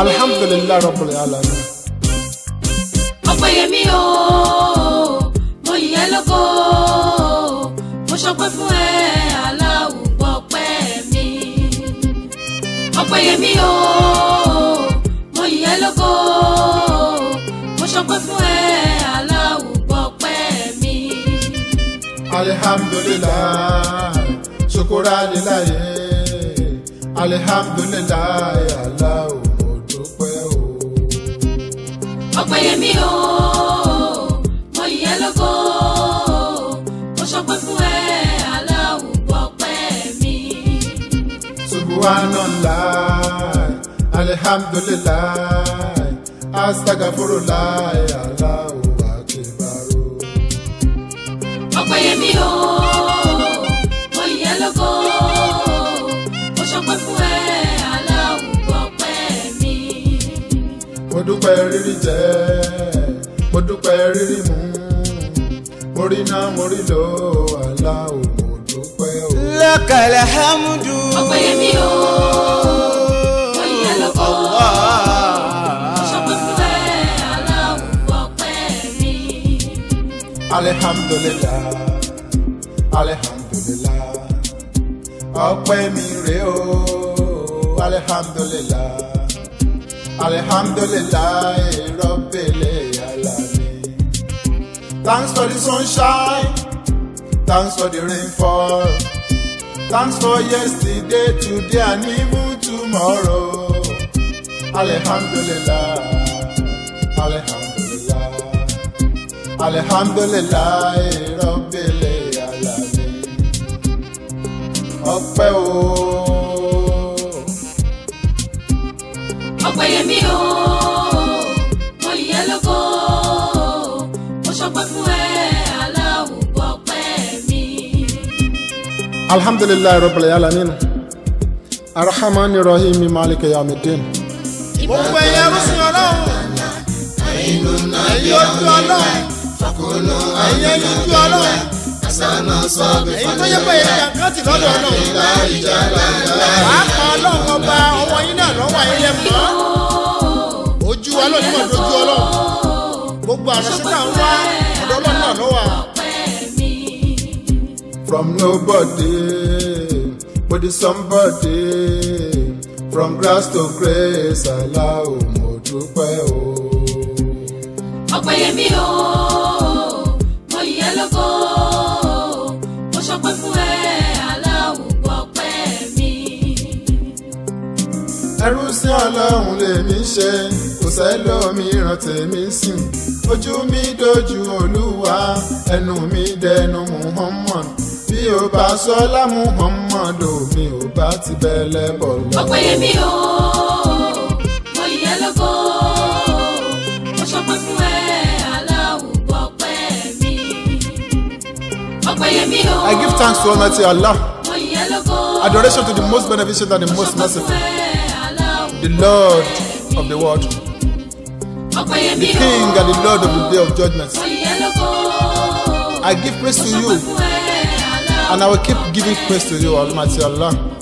Alhamdulillah, rabbil alamin. ọ̀pẹ̀yẹmí o mo yìn ẹ́ mo ṣọpẹ́ fún ẹ aláwùgbọ́ pẹ́ mi. ọ̀pẹ̀yẹmí o mo yìn ẹ́ mo ṣọpẹ́ fún ẹ aláwùgbọ́ pẹ́ mi. alhamdulilayi sukura lilaye Alhamdulillah, ala. Ọpẹ́yẹmí o mo yìn ẹ́ lógo mo ṣọpẹ́ fún ẹ aláwùjọ ọpẹ́ mi. subhanallah alhamdulillah astaghfirullah Allahu akbar. Ọpẹ́yẹmí o. mo dúpẹ́ rírí jẹ mo dúpẹ́ rírí mu mo rí náà mo rí lọ àlá o mo dúpẹ́ o. lakal hamdu. ọpẹ́ o oyin alọkọ sọpẹpẹ mi. alihamdulilah o alihamdulilah. Alhamdulillah, Rabbil Alamin. Thanks for the sunshine. Thanks for the rainfall. Thanks for yesterday, today, and even tomorrow. Alhamdulillah, Alhamdulillah, Alhamdulillah, Rabbil Alamin. Ọpẹ́ Ọpẹ́yẹmí o mo yẹ lógo mo ṣọpẹ́ fún ẹ aláwùgbọ́ pẹ́ mi. alhamdulilayi rabbil alamin arahamani rahimi maliki yamidin. mo gbẹ yẹrù sí Ọlọ́run ẹyin ojú Ọlọ́run ẹyin ẹyin ojú Ọlọ́run èyí tó yẹ pé ìjàmbá ti lọ́dọ̀ ọlọ́run pàápàá ọlọ́run ọba ọmọ yín náà lọ́wọ́ ayẹyẹ mọ́. wa lónìí mọ̀ dojú ọlọ́run gbogbo àránṣẹ́ náà wá ọ̀dọ́ ọlọ́run náà lọ́wọ́ a. From nobody, but it's somebody. From grass to grace, Allah, mo dúpẹ́ o. Oh. Ọpẹ́ yẹn mi o. Oh. ọlọ́run lèmi ṣe kò sẹ́lòmíràn tèmi sìn ojú mi dojú olúwa ẹnu mi dẹnu Muhammad bí o bá sọlá Muhammad o mi ò bá ti bẹ̀lẹ̀ bọ̀ lọ. ọ̀pẹ yẹn mi ò mo yẹ lógo mo ṣọpẹ́ fún ẹ aláwùjọ ọpẹ́ mi ọ̀pẹ yẹn mi ò. I give thanks to Almighty Allah. Adoration to the most beneficent and the most merciful the Lord of the world, the King and the Lord of the day of judgment. I give praise to you, and I will keep giving praise to you, Almighty Allah.